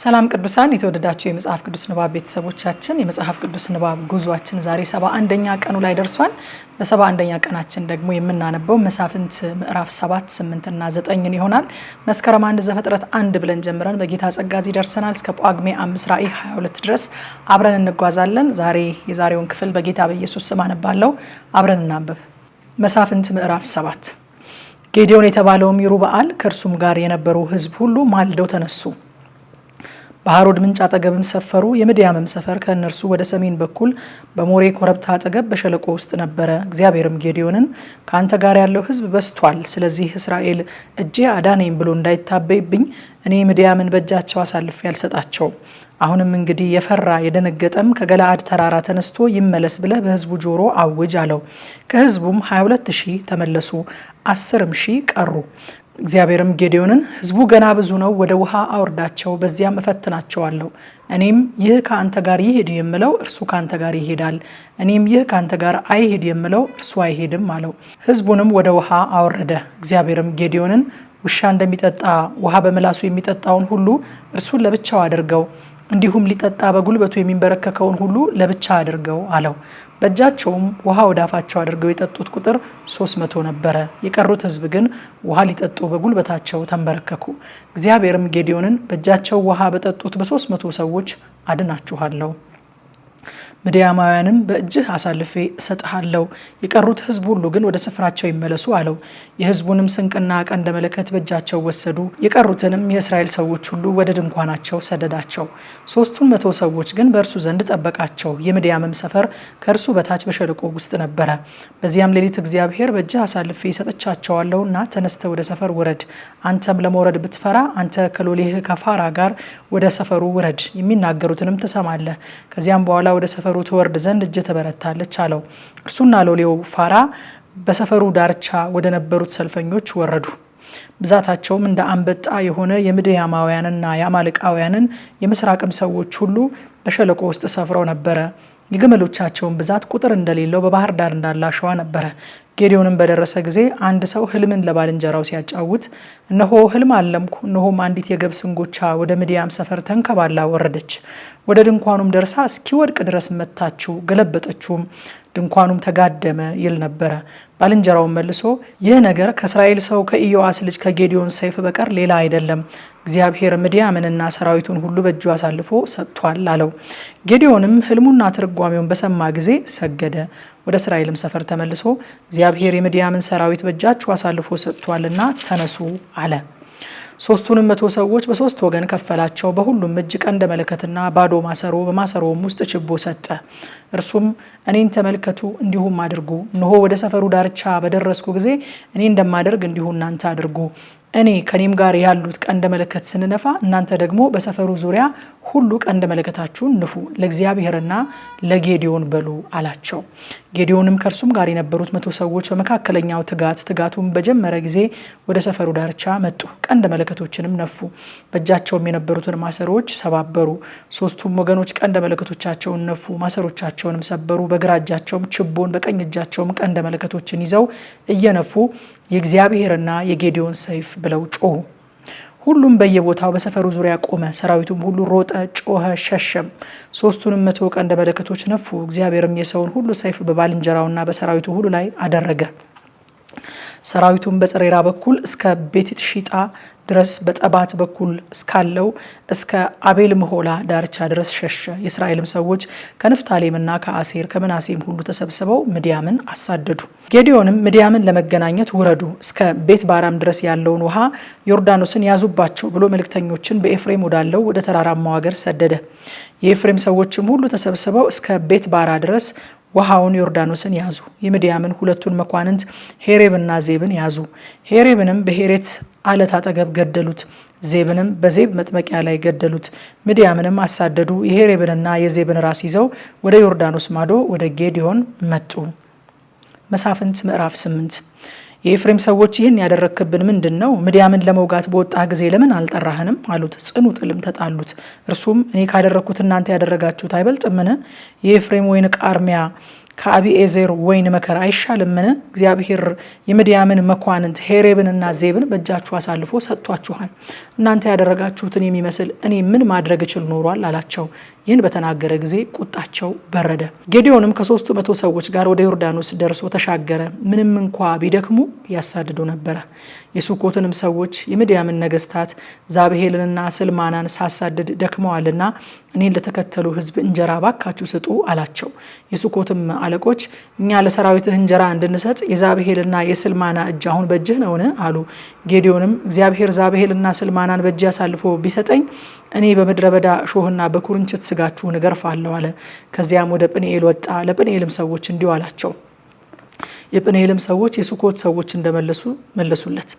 ሰላም ቅዱሳን የተወደዳችሁ የመጽሐፍ ቅዱስ ንባብ ቤተሰቦቻችን የመጽሐፍ ቅዱስ ንባብ ጉዟችን ዛሬ ሰባ አንደኛ ቀኑ ላይ ደርሷል። በሰባ አንደኛ ቀናችን ደግሞ የምናነበው መሳፍንት ምዕራፍ ሰባት ስምንትና ዘጠኝን ይሆናል። መስከረም አንድ ዘፍጥረት አንድ ብለን ጀምረን በጌታ ጸጋዚ ደርሰናል። እስከ ጳጉሜ አምስት ሀያ 22 ድረስ አብረን እንጓዛለን። ዛሬ የዛሬውን ክፍል በጌታ በኢየሱስ ስም አነባለው። አብረን እናንብብ። መሳፍንት ምዕራፍ ሰባት ጌዲዮን የተባለውም በዓል ከእርሱም ጋር የነበሩ ህዝብ ሁሉ ማልደው ተነሱ በሐሮድ ምንጭ አጠገብም ሰፈሩ። የምድያምም ሰፈር ከእነርሱ ወደ ሰሜን በኩል በሞሬ ኮረብታ አጠገብ በሸለቆ ውስጥ ነበረ። እግዚአብሔርም ጌዲዮንን ከአንተ ጋር ያለው ሕዝብ በስቷል፣ ስለዚህ እስራኤል እጄ አዳነኝ ብሎ እንዳይታበይብኝ እኔ ምድያምን በእጃቸው አሳልፌ ያልሰጣቸው አሁንም እንግዲህ የፈራ የደነገጠም ከገላአድ ተራራ ተነስቶ ይመለስ ብለህ በሕዝቡ ጆሮ አውጅ አለው። ከሕዝቡም 22 ሺህ ተመለሱ፣ 10 ሺህ ቀሩ። እግዚአብሔርም ጌዴዎንን ህዝቡ ገና ብዙ ነው፣ ወደ ውሃ አውርዳቸው፣ በዚያም እፈትናቸዋለሁ። እኔም ይህ ከአንተ ጋር ይሄድ የምለው እርሱ ከአንተ ጋር ይሄዳል፣ እኔም ይህ ከአንተ ጋር አይሄድ የምለው እርሱ አይሄድም አለው። ህዝቡንም ወደ ውሃ አወረደ። እግዚአብሔርም ጌዴዎንን ውሻ እንደሚጠጣ ውሃ በምላሱ የሚጠጣውን ሁሉ እርሱን ለብቻው አድርገው እንዲሁም ሊጠጣ በጉልበቱ የሚንበረከከውን ሁሉ ለብቻ አድርገው አለው። በእጃቸውም ውሃ ወደ አፋቸው አድርገው የጠጡት ቁጥር 300 ነበረ። የቀሩት ሕዝብ ግን ውሃ ሊጠጡ በጉልበታቸው ተንበረከኩ። እግዚአብሔርም ጌዲዮንን በእጃቸው ውሃ በጠጡት በ መቶ ሰዎች አድናችኋለሁ ምድያማውያንም በእጅህ አሳልፌ እሰጥሃለሁ፣ የቀሩት ህዝብ ሁሉ ግን ወደ ስፍራቸው ይመለሱ አለው። የህዝቡንም ስንቅና ቀንደ መለከት በእጃቸው ወሰዱ። የቀሩትንም የእስራኤል ሰዎች ሁሉ ወደ ድንኳናቸው ሰደዳቸው። ሶስቱን መቶ ሰዎች ግን በእርሱ ዘንድ ጠበቃቸው። የምድያምም ሰፈር ከእርሱ በታች በሸለቆ ውስጥ ነበረ። በዚያም ሌሊት እግዚአብሔር በእጅህ አሳልፌ እሰጥቻቸዋለሁና ተነስተ ወደ ሰፈር ውረድ፣ አንተም ለመውረድ ብትፈራ አንተ ከሎሌህ ከፋራ ጋር ወደ ሰፈሩ ውረድ፣ የሚናገሩትንም ትሰማለህ። ከዚያም በኋላ ወደ ሰፈሩ ትወርድ ዘንድ እጀ ተበረታለች አለው። እርሱና ሎሌው ፋራ በሰፈሩ ዳርቻ ወደ ነበሩት ሰልፈኞች ወረዱ። ብዛታቸውም እንደ አንበጣ የሆነ የምድያማውያንና የአማልቃውያንን የምስራቅም ሰዎች ሁሉ በሸለቆ ውስጥ ሰፍረው ነበረ። የግመሎቻቸውን ብዛት ቁጥር እንደሌለው በባህር ዳር እንዳለ አሸዋ ነበረ። ጌዲዮንም በደረሰ ጊዜ አንድ ሰው ህልምን ለባልንጀራው ሲያጫውት እነሆ ህልም አለምኩ፣ እነሆም አንዲት የገብስ እንጎቻ ወደ ምድያም ሰፈር ተንከባላ ወረደች፣ ወደ ድንኳኑም ደርሳ እስኪወድቅ ድረስ መታችው፣ ገለበጠችውም። ድንኳኑም ተጋደመ ይል ነበረ። ባልንጀራውን መልሶ ይህ ነገር ከእስራኤል ሰው ከኢዮአስ ልጅ ከጌዲዮን ሰይፍ በቀር ሌላ አይደለም፣ እግዚአብሔር ምድያምንና ሰራዊቱን ሁሉ በእጁ አሳልፎ ሰጥቷል አለው። ጌዲዮንም ህልሙና ትርጓሜውን በሰማ ጊዜ ሰገደ። ወደ እስራኤልም ሰፈር ተመልሶ እግዚአብሔር የምድያምን ሰራዊት በእጃችሁ አሳልፎ ሰጥቷልና ተነሱ አለ። ሶስቱንም መቶ ሰዎች በሶስት ወገን ከፈላቸው። በሁሉም እጅ ቀንደ መለከትና ባዶ ማሰሮ፣ በማሰሮውም ውስጥ ችቦ ሰጠ። እርሱም እኔን ተመልከቱ፣ እንዲሁም አድርጉ። እንሆ ወደ ሰፈሩ ዳርቻ በደረስኩ ጊዜ እኔ እንደማደርግ እንዲሁ እናንተ አድርጉ። እኔ ከኔም ጋር ያሉት ቀንደ መለከት ስንነፋ እናንተ ደግሞ በሰፈሩ ዙሪያ ሁሉ ቀንደ መለከታችሁን ንፉ ለእግዚአብሔርና ለጌዲዮን በሉ አላቸው። ጌዲዮንም ከእርሱም ጋር የነበሩት መቶ ሰዎች በመካከለኛው ትጋት ትጋቱም በጀመረ ጊዜ ወደ ሰፈሩ ዳርቻ መጡ። ቀንደ መለከቶችንም ነፉ፣ በእጃቸውም የነበሩትን ማሰሮች ሰባበሩ። ሶስቱም ወገኖች ቀንደ መለከቶቻቸውን ነፉ፣ ማሰሮቻቸውንም ሰበሩ። በግራ እጃቸውም ችቦን በቀኝ እጃቸውም ቀንደ መለከቶችን ይዘው እየነፉ የእግዚአብሔርና የጌዲዮን ሰይፍ ብለው ጮሁ። ሁሉም በየቦታው በሰፈሩ ዙሪያ ቆመ። ሰራዊቱም ሁሉ ሮጠ፣ ጮኸ፣ ሸሸም። ሶስቱንም መቶ ቀንደ መለከቶች ነፉ። እግዚአብሔርም የሰውን ሁሉ ሰይፍ በባልንጀራውና በሰራዊቱ ሁሉ ላይ አደረገ። ሰራዊቱም በጽሬራ በኩል እስከ ቤትሽጣ ድረስ በጠባት በኩል እስካለው እስከ አቤል ምሆላ ዳርቻ ድረስ ሸሸ። የእስራኤልም ሰዎች ከንፍታሌምና ከአሴር ከምናሴም ሁሉ ተሰብስበው ምድያምን አሳደዱ። ጌዲዮንም ምድያምን ለመገናኘት ውረዱ፣ እስከ ቤት ባራም ድረስ ያለውን ውሃ ዮርዳኖስን ያዙባቸው ብሎ መልእክተኞችን በኤፍሬም ወዳለው ወደ ተራራማው ሀገር ሰደደ። የኤፍሬም ሰዎችም ሁሉ ተሰብስበው እስከ ቤት ባራ ድረስ ውሃውን ዮርዳኖስን ያዙ። የምድያምን ሁለቱን መኳንንት ሄሬብና ዜብን ያዙ። ሄሬብንም በሄሬት አለት አጠገብ ገደሉት። ዜብንም በዜብ መጥመቂያ ላይ ገደሉት። ምድያምንም አሳደዱ። የሄሬብንና የዜብን ራስ ይዘው ወደ ዮርዳኖስ ማዶ ወደ ጌዲዮን መጡ። መሳፍንት ምዕራፍ ስምንት የኤፍሬም ሰዎች ይህን ያደረክብን ምንድን ነው? ምድያምን ለመውጋት በወጣህ ጊዜ ለምን አልጠራህንም አሉት። ጽኑ ጥልም ተጣሉት። እርሱም እኔ ካደረግኩት እናንተ ያደረጋችሁት አይበልጥምን? የኤፍሬም ወይን ቃርሚያ ከአቢኤዜር ወይን መከር አይሻልምን? እግዚአብሔር የምድያምን መኳንንት ሄሬብንና ዜብን በእጃችሁ አሳልፎ ሰጥቷችኋል። እናንተ ያደረጋችሁትን የሚመስል እኔ ምን ማድረግ እችል ኖሯል አላቸው። ይህን በተናገረ ጊዜ ቁጣቸው በረደ። ጌዲዮንም ከሶስቱ መቶ ሰዎች ጋር ወደ ዮርዳኖስ ደርሶ ተሻገረ። ምንም እንኳ ቢደክሙ ያሳድዱ ነበረ። የሱኮትንም ሰዎች የምድያምን ነገስታት ዛብሄልንና ስልማናን ሳሳድድ ደክመዋልና እኔን ለተከተሉ ሕዝብ እንጀራ ባካችሁ ስጡ አላቸው። የሱኮትም አለቆች እኛ ለሰራዊትህ እንጀራ እንድንሰጥ የዛብሄልና የስልማና እጅ አሁን በእጅህ ነውን? አሉ። ጌዲዮንም እግዚአብሔር ዛብሄልና ስልማናን በእጅ አሳልፎ ቢሰጠኝ እኔ በምድረ በዳ እሾህና በኩርንችት ስጋችሁን እገርፋለሁ አለ። ከዚያም ወደ ጵንኤል ወጣ፣ ለጵንኤልም ሰዎች እንዲሁ አላቸው የጵንኤልም ሰዎች የሱኮት ሰዎች እንደመለሱ መለሱለት።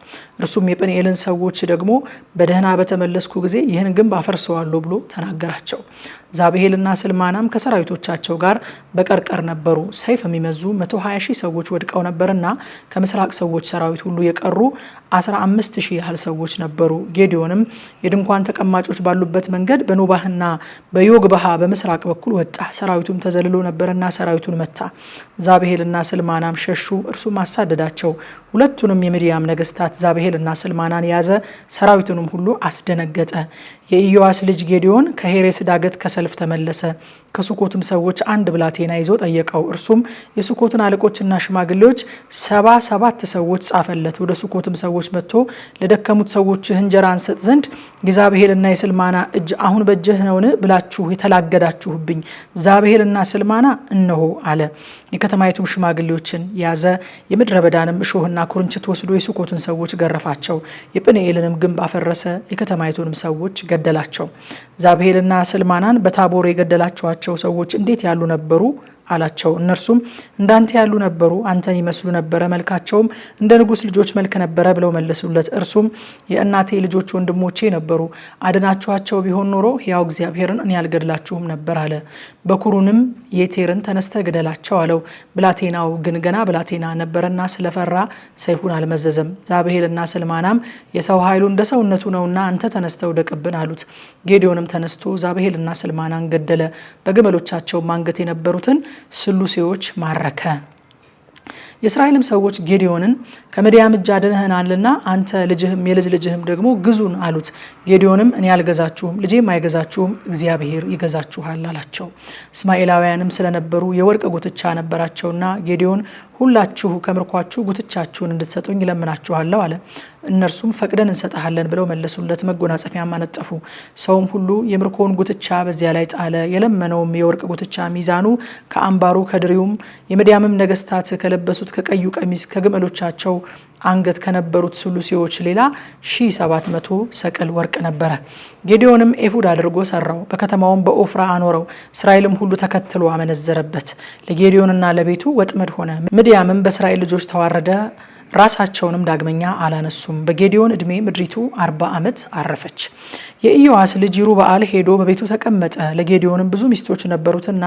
እርሱም የጵንኤልን ሰዎች ደግሞ በደህና በተመለስኩ ጊዜ ይህን ግንብ አፈርሰዋለሁ ብሎ ተናገራቸው። ዛብሄልና ስልማናም ከሰራዊቶቻቸው ጋር በቀርቀር ነበሩ። ሰይፍ የሚመዙ 120 ሺህ ሰዎች ወድቀው ነበርና ከምስራቅ ሰዎች ሰራዊት ሁሉ የቀሩ አስራ ሺህ ያህል ሰዎች ነበሩ። ጌዲዮንም የድንኳን ተቀማጮች ባሉበት መንገድ በኖባህና በዮግባሃ በምስራቅ በኩል ወጣ። ሰራዊቱም ተዘልሎ ነበርና ሰራዊቱን መታ። ዛብሄልና ስልማናም ሸሹ። ሲዋሹ እርሱ ማሳደዳቸው ሁለቱንም የምድያም ነገስታት ዛብሄልና ስልማናን ያዘ፣ ሰራዊቱንም ሁሉ አስደነገጠ። የኢዮዋስ ልጅ ጌዲዮን ከሄሬስ ዳገት ከሰልፍ ተመለሰ። ከሱኮትም ሰዎች አንድ ብላቴና ይዞ ጠየቀው። እርሱም የሱኮትን አለቆችና ሽማግሌዎች ሰባ ሰባት ሰዎች ጻፈለት። ወደ ሱኮትም ሰዎች መጥቶ ለደከሙት ሰዎች እንጀራ እንሰጥ ዘንድ የዛብሄልና የስልማና እጅ አሁን በእጅህ ነውን ብላችሁ የተላገዳችሁብኝ ዛብሄልና ስልማና እነሆ አለ። የከተማይቱም ሽማግሌዎችን ያ የያዘ የምድረ በዳንም እሾህና ኩርንችት ወስዶ የሱኮትን ሰዎች ገረፋቸው፣ የጵንኤልንም ግንብ አፈረሰ፣ የከተማይቱንም ሰዎች ገደላቸው። ዛብሄልና ስልማናን በታቦር የገደላቸዋቸው ሰዎች እንዴት ያሉ ነበሩ? አላቸው። እነርሱም እንዳንተ ያሉ ነበሩ፣ አንተን ይመስሉ ነበረ፣ መልካቸውም እንደ ንጉሥ ልጆች መልክ ነበረ ብለው መለሱለት። እርሱም የእናቴ ልጆች ወንድሞቼ ነበሩ፣ አድናችኋቸው ቢሆን ኖሮ ሕያው እግዚአብሔርን እኔ አልገድላችሁም ነበር አለ። በኩሩንም የቴርን ተነስተ ግደላቸው አለው። ብላቴናው ግን ገና ብላቴና ነበረና ስለፈራ ሰይፉን አልመዘዘም። ዛብሄልና ስልማናም የሰው ኃይሉ እንደ ሰውነቱ ነውና አንተ ተነስተው ደቅብን አሉት። ጌዲዮንም ተነስቶ ዛብሄልና ስልማናን ገደለ። በግመሎቻቸውም አንገት የነበሩትን ስሉሴዎች ማረከ። የእስራኤልም ሰዎች ጌዲዮንን ከምድያም እጅ አድነኸናልና አንተ ልጅህም የልጅ ልጅህም ደግሞ ግዙን አሉት። ጌዲዮንም እኔ አልገዛችሁም፣ ልጄም አይገዛችሁም፣ እግዚአብሔር ይገዛችኋል አላቸው። እስማኤላውያንም ስለነበሩ የወርቅ ጉትቻ ነበራቸውና ጌዲዮን ሁላችሁ ከምርኳችሁ ጉትቻችሁን እንድትሰጡኝ ይለምናችኋለሁ አለ። እነርሱም ፈቅደን እንሰጠሃለን ብለው መለሱለት። መጎናጸፊያም አነጠፉ። ሰውም ሁሉ የምርኮውን ጉትቻ በዚያ ላይ ጣለ። የለመነውም የወርቅ ጉትቻ ሚዛኑ ከአምባሩ ከድሪውም የምድያምም ነገስታት ከለበሱት ከቀዩ ቀሚስ ከግመሎቻቸው አንገት ከነበሩት ስሉሴዎች ሌላ 1700 ሰቅል ወርቅ ነበረ። ጌዲዮንም ኤፉድ አድርጎ ሰራው፣ በከተማውም በኦፍራ አኖረው። እስራኤልም ሁሉ ተከትሎ አመነዘረበት፣ ለጌዲዮንና ለቤቱ ወጥመድ ሆነ። ምድያምም በእስራኤል ልጆች ተዋረደ። ራሳቸውንም ዳግመኛ አላነሱም። በጌዲዮን ዕድሜ ምድሪቱ አርባ ዓመት አረፈች። የኢዮዋስ ልጅ ይሩበአል ሄዶ በቤቱ ተቀመጠ። ለጌዲዮንም ብዙ ሚስቶች ነበሩትና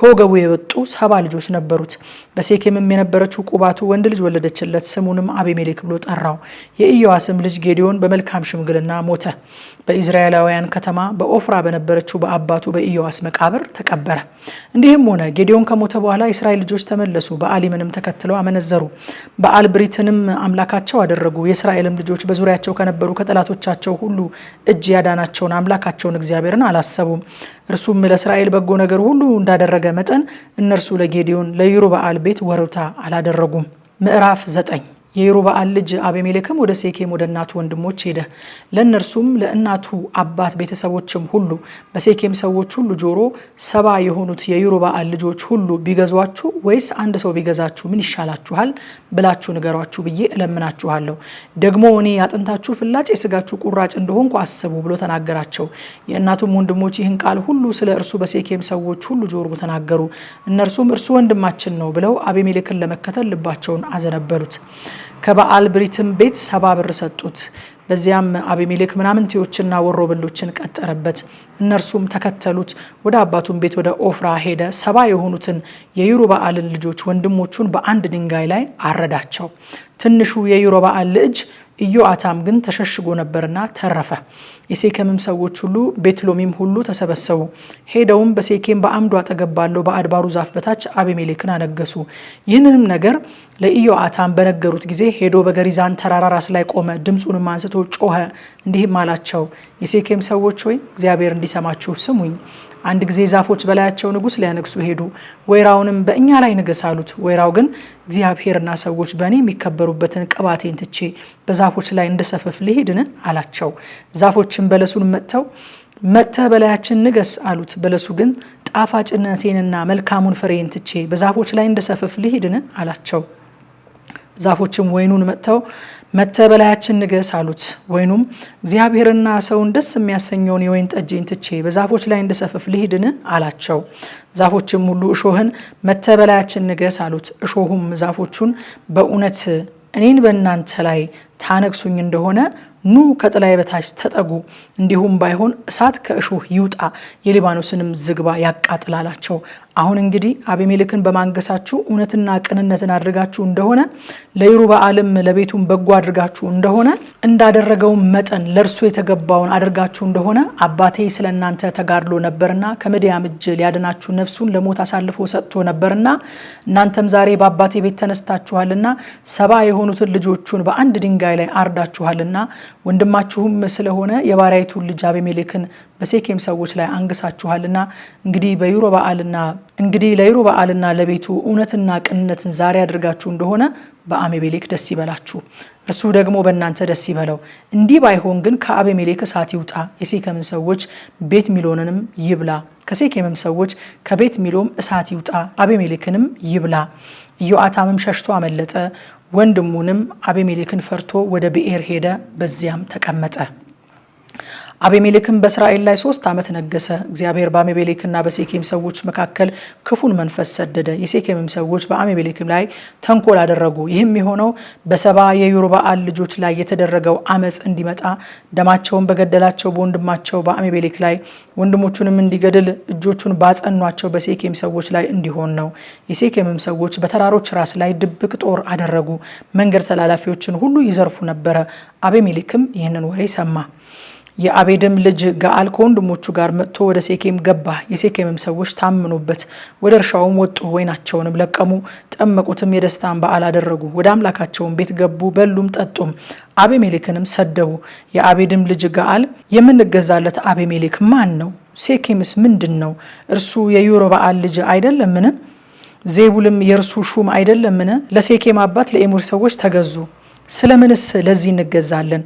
ከወገቡ የወጡ ሰባ ልጆች ነበሩት። በሴኬምም የነበረችው ቁባቱ ወንድ ልጅ ወለደችለት። ስሙንም አቤሜሌክ ብሎ ጠራው። የኢዮዋስም ልጅ ጌዲዮን በመልካም ሽምግልና ሞተ። በኢዝራኤላውያን ከተማ በኦፍራ በነበረችው በአባቱ በኢዮዋስ መቃብር ተቀበረ። እንዲህም ሆነ ጌዲዮን ከሞተ በኋላ የእስራኤል ልጆች ተመለሱ። በአሊምንም ተከትለው አመነዘሩ። በአል ብሪትን እስራኤልንም አምላካቸው አደረጉ። የእስራኤልም ልጆች በዙሪያቸው ከነበሩ ከጠላቶቻቸው ሁሉ እጅ ያዳናቸውን አምላካቸውን እግዚአብሔርን አላሰቡም። እርሱም ለእስራኤል በጎ ነገር ሁሉ እንዳደረገ መጠን እነርሱ ለጌዲዮን ለይሩበአል ቤት ወሩታ አላደረጉም። ምዕራፍ ዘጠኝ የይሩበአል ልጅ አቤሜሌክም ወደ ሴኬም ወደ እናቱ ወንድሞች ሄደ። ለእነርሱም ለእናቱ አባት ቤተሰቦችም ሁሉ በሴኬም ሰዎች ሁሉ ጆሮ ሰባ የሆኑት የይሩባአል ልጆች ሁሉ ቢገዟችሁ ወይስ አንድ ሰው ቢገዛችሁ ምን ይሻላችኋል ብላችሁ ንገሯችሁ ብዬ እለምናችኋለሁ። ደግሞ እኔ ያጥንታችሁ ፍላጭ የስጋችሁ ቁራጭ እንደሆንኩ አስቡ ብሎ ተናገራቸው። የእናቱም ወንድሞች ይህን ቃል ሁሉ ስለ እርሱ በሴኬም ሰዎች ሁሉ ጆሮ ተናገሩ። እነርሱም እርሱ ወንድማችን ነው ብለው አቤሜሌክን ለመከተል ልባቸውን አዘነበሉት። ከበዓል ብሪትም ቤት ሰባ ብር ሰጡት። በዚያም አቤሜሌክ ምናምንቴዎችና ወሮበሎችን ቀጠረበት። እነርሱም ተከተሉት። ወደ አባቱን ቤት ወደ ኦፍራ ሄደ። ሰባ የሆኑትን የዩሮ በዓልን ልጆች ወንድሞቹን በአንድ ድንጋይ ላይ አረዳቸው። ትንሹ የዩሮ በዓል ልጅ ኢዮአታም ግን ተሸሽጎ ነበርና ተረፈ። የሴኬምም ሰዎች ሁሉ ቤትሎሚም ሁሉ ተሰበሰቡ። ሄደውም በሴኬም በአምዱ አጠገብ ባለው በአድባሩ ዛፍ በታች አቤሜሌክን አነገሱ። ይህንንም ነገር ለኢዮአታም በነገሩት ጊዜ ሄዶ በገሪዛን ተራራ ራስ ላይ ቆመ፣ ድምፁንም አንስቶ ጮኸ፣ እንዲህም አላቸው፦ የሴኬም ሰዎች ሆይ እግዚአብሔር እንዲሰማችሁ ስሙኝ። አንድ ጊዜ ዛፎች በላያቸው ንጉሥ ሊያነግሱ ሄዱ፣ ወይራውንም በእኛ ላይ ንገስ አሉት። ወይራው ግን እግዚአብሔርና ሰዎች በእኔ የሚከበሩበትን ቅባቴን ትቼ በዛፎች ላይ እንደሰፈፍ ልሄድን አላቸው። ዛፎችን በለሱን መጥተው መጥተህ በላያችን ንገስ አሉት። በለሱ ግን ጣፋጭነቴንና መልካሙን ፍሬን ትቼ በዛፎች ላይ እንደሰፈፍ ልሄድን አላቸው። ዛፎችም ወይኑን መጥተው መተ በላያችን ንገስ አሉት። ወይኑም እግዚአብሔርና ሰውን ደስ የሚያሰኘውን የወይን ጠጅኝ ትቼ በዛፎች ላይ እንድሰፍፍ ልሂድን አላቸው። ዛፎችም ሁሉ እሾህን መተ በላያችን ንገስ አሉት። እሾሁም ዛፎቹን በእውነት እኔን በእናንተ ላይ ታነግሱኝ እንደሆነ ኑ ከጥላይ በታች ተጠጉ፣ እንዲሁም ባይሆን እሳት ከእሾህ ይውጣ፣ የሊባኖስንም ዝግባ ያቃጥላላቸው አሁን እንግዲህ አቤሜልክን በማንገሳችሁ እውነትና ቅንነትን አድርጋችሁ እንደሆነ ለይሩበኣልም ለቤቱን በጎ አድርጋችሁ እንደሆነ እንዳደረገውም መጠን ለእርሱ የተገባውን አድርጋችሁ እንደሆነ አባቴ ስለ እናንተ ተጋድሎ ነበርና ከምድያም እጅ ሊያድናችሁ ነፍሱን ለሞት አሳልፎ ሰጥቶ ነበርና እናንተም ዛሬ በአባቴ ቤት ተነስታችኋልና ሰባ የሆኑትን ልጆቹን በአንድ ድንጋይ ላይ አርዳችኋልና ወንድማችሁም ስለሆነ የባሪያይቱን ልጅ አቤሜልክን በሴኬም ሰዎች ላይ አንግሳችኋልና እንግዲህ በዩሮ በዓልና እንግዲህ ለዩሮ በዓልና ለቤቱ እውነትና ቅንነትን ዛሬ አድርጋችሁ እንደሆነ በአቤሜሌክ ደስ ይበላችሁ፣ እርሱ ደግሞ በእናንተ ደስ ይበለው። እንዲህ ባይሆን ግን ከአቤሜሌክ እሳት ይውጣ፣ የሴኬምን ሰዎች ቤት ሚሎንንም ይብላ። ከሴኬምም ሰዎች ከቤት ሚሎም እሳት ይውጣ፣ አቤሜሌክንም ይብላ። ኢዮአታምም ሸሽቶ አመለጠ፣ ወንድሙንም አቤሜሌክን ፈርቶ ወደ ብኤር ሄደ፣ በዚያም ተቀመጠ። አቤሜሌክም በእስራኤል ላይ ሶስት ዓመት ነገሰ። እግዚአብሔር በአሜቤሌክና በሴኬም ሰዎች መካከል ክፉን መንፈስ ሰደደ። የሴኬምም ሰዎች በአቤሜሌክም ላይ ተንኮል አደረጉ። ይህም የሆነው በሰባ የዮርብዓል ልጆች ላይ የተደረገው አመፅ እንዲመጣ ደማቸውን በገደላቸው በወንድማቸው በአሜቤሌክ ላይ ወንድሞቹንም እንዲገድል እጆቹን ባጸኗቸው በሴኬም ሰዎች ላይ እንዲሆን ነው። የሴኬምም ሰዎች በተራሮች ራስ ላይ ድብቅ ጦር አደረጉ። መንገድ ተላላፊዎችን ሁሉ ይዘርፉ ነበረ። አቤሜሌክም ይህንን ወሬ ሰማ። የአቤድም ልጅ ጋአል ከወንድሞቹ ጋር መጥቶ ወደ ሴኬም ገባ። የሴኬምም ሰዎች ታምኑበት፣ ወደ እርሻውም ወጡ፣ ወይናቸውንም ለቀሙ፣ ጠመቁትም፣ የደስታን በዓል አደረጉ። ወደ አምላካቸውን ቤት ገቡ፣ በሉም ጠጡም፣ አቤሜሌክንም ሰደቡ። የአቤድም ልጅ ጋአል የምንገዛለት አቤሜሌክ ማን ነው? ሴኬምስ ምንድን ነው? እርሱ በዓል ልጅ አይደለምን? ዜቡልም የእርሱ ሹም አይደለምን? ለሴኬም አባት ለኤሞሪ ሰዎች ተገዙ። ስለምንስ ለዚህ እንገዛለን?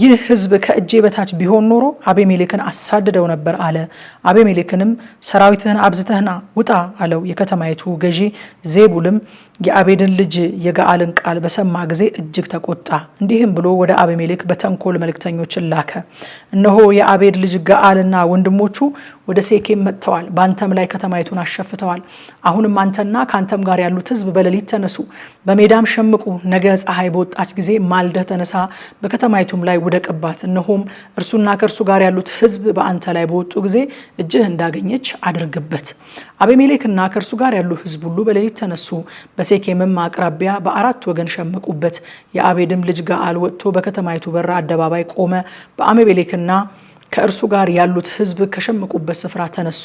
ይህ ህዝብ ከእጄ በታች ቢሆን ኖሮ አቤሜሌክን አሳድደው ነበር አለ። አቤሜሌክንም ሰራዊትህን አብዝተህና ውጣ አለው። የከተማይቱ ገዢ ዜቡልም የአቤድን ልጅ የገአልን ቃል በሰማ ጊዜ እጅግ ተቆጣ። እንዲህም ብሎ ወደ አቤሜሌክ በተንኮል መልእክተኞችን ላከ። እነሆ የአቤድ ልጅ ገአልና ወንድሞቹ ወደ ሴኬም መጥተዋል። በአንተም ላይ ከተማይቱን አሸፍተዋል። አሁንም አንተና ከአንተም ጋር ያሉት ሕዝብ በሌሊት ተነሱ፣ በሜዳም ሸምቁ። ነገ ፀሐይ በወጣች ጊዜ ማልደህ ተነሳ፣ በከተማይቱም ላይ ውደቅባት። እነሆም እርሱና ከእርሱ ጋር ያሉት ሕዝብ በአንተ ላይ በወጡ ጊዜ እጅህ እንዳገኘች አድርግበት። አቤሜሌክና ከእርሱ ጋር ያሉ ሕዝብ ሁሉ በሌሊት ተነሱ፣ በሴኬምም አቅራቢያ በአራት ወገን ሸመቁበት። የአቤድም ልጅ ጋአል ወጥቶ በከተማይቱ በር አደባባይ ቆመ። በአቤሜሌክና ከእርሱ ጋር ያሉት ህዝብ ከሸመቁበት ስፍራ ተነሱ።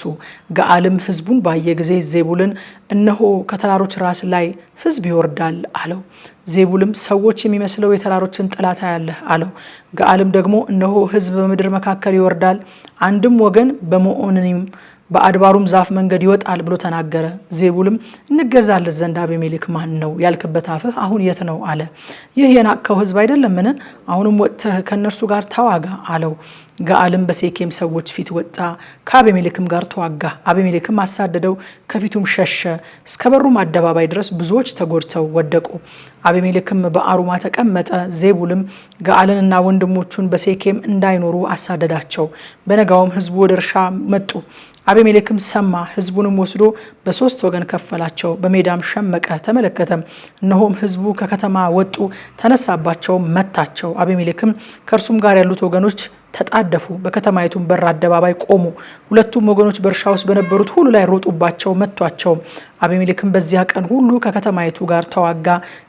ገዓልም ህዝቡን ባየ ጊዜ ዜቡልን እነሆ ከተራሮች ራስ ላይ ህዝብ ይወርዳል አለው። ዜቡልም ሰዎች የሚመስለው የተራሮችን ጥላታ ያለህ አለው። ገዓልም ደግሞ እነሆ ህዝብ በምድር መካከል ይወርዳል፣ አንድም ወገን በመኦንኒም በአድባሩም ዛፍ መንገድ ይወጣል ብሎ ተናገረ። ዜቡልም እንገዛለት ዘንድ አቤሜሌክ ማን ነው ያልክበት አፍህ አሁን የት ነው አለ። ይህ የናቅከው ህዝብ አይደለምን? አሁንም ወጥተህ ከእነርሱ ጋር ተዋጋ አለው። ገአልም በሴኬም ሰዎች ፊት ወጣ፣ ከአቤሜሌክም ጋር ተዋጋ። አቤሜሌክም አሳደደው፣ ከፊቱም ሸሸ። እስከ በሩም አደባባይ ድረስ ብዙዎች ተጎድተው ወደቁ። አቤሜሌክም በአሩማ ተቀመጠ። ዜቡልም ገአልንና ወንድሞቹን በሴኬም እንዳይኖሩ አሳደዳቸው። በነጋውም ህዝቡ ወደ እርሻ መጡ። አቤሜሌክም ሰማ፣ ህዝቡንም ወስዶ በሶስት ወገን ከፈላቸው፣ በሜዳም ሸመቀ ተመለከተም። እነሆም ህዝቡ ከከተማ ወጡ፣ ተነሳባቸው መታቸው። አቤሜሌክም ከእርሱም ጋር ያሉት ወገኖች ተጣደፉ፣ በከተማይቱም በር አደባባይ ቆሙ። ሁለቱም ወገኖች በእርሻ ውስጥ በነበሩት ሁሉ ላይ ሮጡባቸው፣ መቷቸው። አቤሜሌክም በዚያ ቀን ሁሉ ከከተማይቱ ጋር ተዋጋ።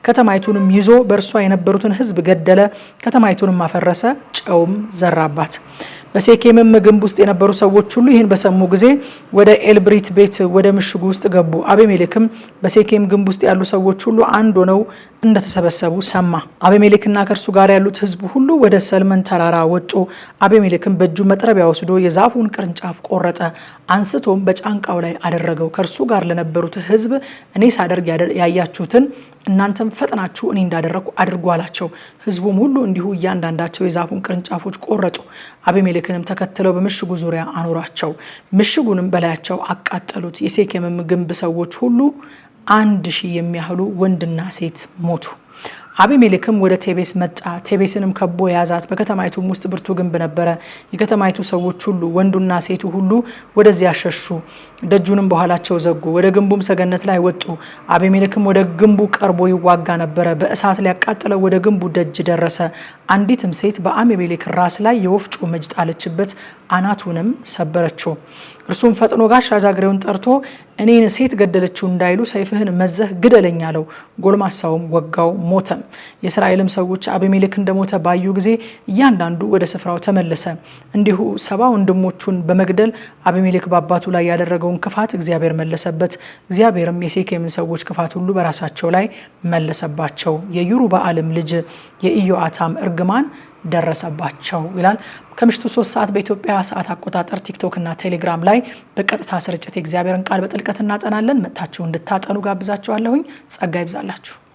ከተማይቱንም ይዞ በእርሷ የነበሩትን ህዝብ ገደለ፣ ከተማይቱንም አፈረሰ፣ ጨውም ዘራባት። በሴኬምም ግንብ ውስጥ የነበሩ ሰዎች ሁሉ ይህን በሰሙ ጊዜ ወደ ኤልብሪት ቤት ወደ ምሽጉ ውስጥ ገቡ። አቤሜሌክም በሴኬም ግንብ ውስጥ ያሉ ሰዎች ሁሉ አንድ ሆነው እንደተሰበሰቡ ሰማ። አቤሜሌክና ከእርሱ ጋር ያሉት ሕዝብ ሁሉ ወደ ሰልመን ተራራ ወጡ። አቤሜሌክም በእጁ መጥረቢያ ወስዶ የዛፉን ቅርንጫፍ ቆረጠ፣ አንስቶም በጫንቃው ላይ አደረገው። ከእርሱ ጋር ለነበሩት ሕዝብ እኔ ሳደርግ ያያችሁትን እናንተም ፈጥናችሁ እኔ እንዳደረግኩ አድርጉ አላቸው። ህዝቡም ሁሉ እንዲሁ እያንዳንዳቸው የዛፉን ቅርንጫፎች ቆረጡ። አቤሜሌክንም ተከትለው በምሽጉ ዙሪያ አኖራቸው። ምሽጉንም በላያቸው አቃጠሉት። የሴኬምም ግንብ ሰዎች ሁሉ አንድ ሺህ የሚያህሉ ወንድና ሴት ሞቱ። አቢሜሌክም ወደ ቴቤስ መጣ። ቴቤስንም ከቦ የያዛት፣ በከተማይቱም ውስጥ ብርቱ ግንብ ነበረ። የከተማይቱ ሰዎች ሁሉ ወንዱና ሴቱ ሁሉ ወደዚያ ሸሹ፣ ደጁንም በኋላቸው ዘጉ፣ ወደ ግንቡም ሰገነት ላይ ወጡ። አቢሜሌክም ወደ ግንቡ ቀርቦ ይዋጋ ነበረ፣ በእሳት ሊያቃጥለው ወደ ግንቡ ደጅ ደረሰ። አንዲትም ሴት በአሜሜሌክ ራስ ላይ የወፍጮ መጅ ጣለችበት፣ አናቱንም ሰበረችው። እርሱም ፈጥኖ ጋር ጃግሬውን ጠርቶ እኔን ሴት ገደለችው እንዳይሉ ሰይፍህን መዘህ ግደለኝ አለው። ጎልማሳውም ወጋው፣ ሞተም። የእስራኤልም ሰዎች አቤሜሌክ እንደሞተ ባዩ ጊዜ እያንዳንዱ ወደ ስፍራው ተመለሰ። እንዲሁ ሰባ ወንድሞቹን በመግደል አቤሜሌክ በአባቱ ላይ ያደረገውን ክፋት እግዚአብሔር መለሰበት። እግዚአብሔርም የሴኬምን ሰዎች ክፋት ሁሉ በራሳቸው ላይ መለሰባቸው። የዩሩ በአልም ልጅ የኢዮአታም እርግማን ደረሰባቸው ይላል። ከምሽቱ ሶስት ሰዓት በኢትዮጵያ ሰዓት አቆጣጠር ቲክቶክ እና ቴሌግራም ላይ በቀጥታ ስርጭት የእግዚአብሔርን ቃል በጥልቀት እናጠናለን። መጥታችሁ እንድታጠኑ ጋብዛችኋለሁኝ። ጸጋ ይብዛላችሁ።